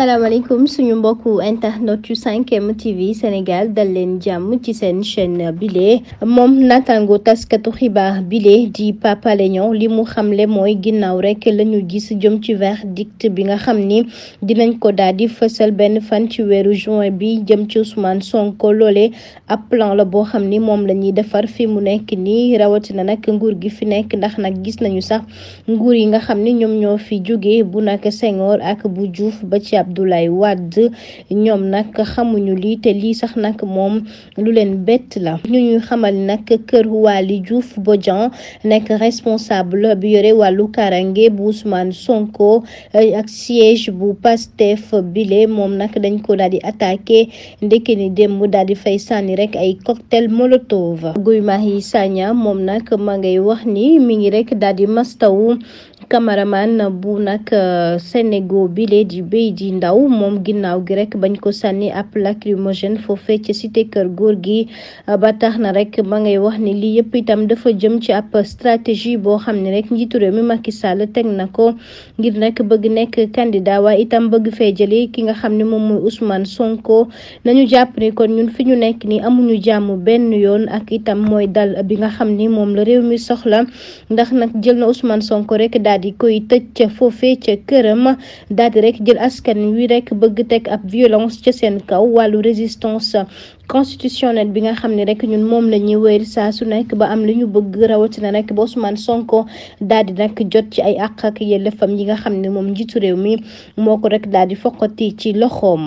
asalaamaaleykum suñu mbokku internet yu 5M TV Sénégal dal leen jàmm ci seen chaîne bile moom naataango taskatu xibaar bile di Pape Alé Niang li mu xamle mooy ginnaaw rek la ñu gis jëm ci verdict bi nga xam ni dinañ ko daal di fësal benn fan ci weeru juin bi jëm ci Ousmane Sonko loole ab plan la boo xam ni moom la ñuy defar fi mu nekk nii rawatina nag nguur gi fi nekk ndax nag gis nañu sax nguur yi nga xam ni ñoom ñoo fi jóge bu nag Senghor ak bu Diouf ba ci du lay Wade ñoom nag xamuñu lii te lii sax nag moom lu leen bett la ñu ñuy xamal nag kër Waly Diouf Bodian nekk responsable bi yore wàllu karange bu Ousmane Sonko ak siège bu Pastef bile moom nag dañ ko daal di attaqué ndekki ni démb daal di fay sànni rek ay cocktail molotov Guy yi Sagna moom nag ma ngay wax ni mi ngi rekk daal di mastawu camaraman bu nag euh, Sénégal bi lee di béy di ndaw moom ginnaaw gi rek bañ ko sànni ab lacrymogène foofee ci cité kër góor gi euh, ba tax na rek ma ngay wax ni lii yëpp itam dafa jëm ci ab stratégie boo xam ne rek njiitu réew mi Macky Sall teg na ko ngir nag bëgg nekk candidat waaye itam bëgg fee jële ki nga xam ne moom mooy Ousmane Sonko nañu jàpp ni kon ñun fi ñu nekk ni amuñu jàmm benn yoon ak itam mooy dal bi nga xam ni moom la réew mi soxla daal di koy tëj ca foofee ca këram daal di rek jël askan wi rekk bëgg teg ab violence ca seen kaw wàllu résistance constitutionnel bi nga xam ne rek ñun moom la ñuy wéyal saa su nekk ba am li ñu bëgg rawatina rek ba Ousmane Sonko daal di nag jot ci ay àq ak yelleefam yi nga xam ne moom njiitu réew mi moo ko rek daal di foqati ci loxoom.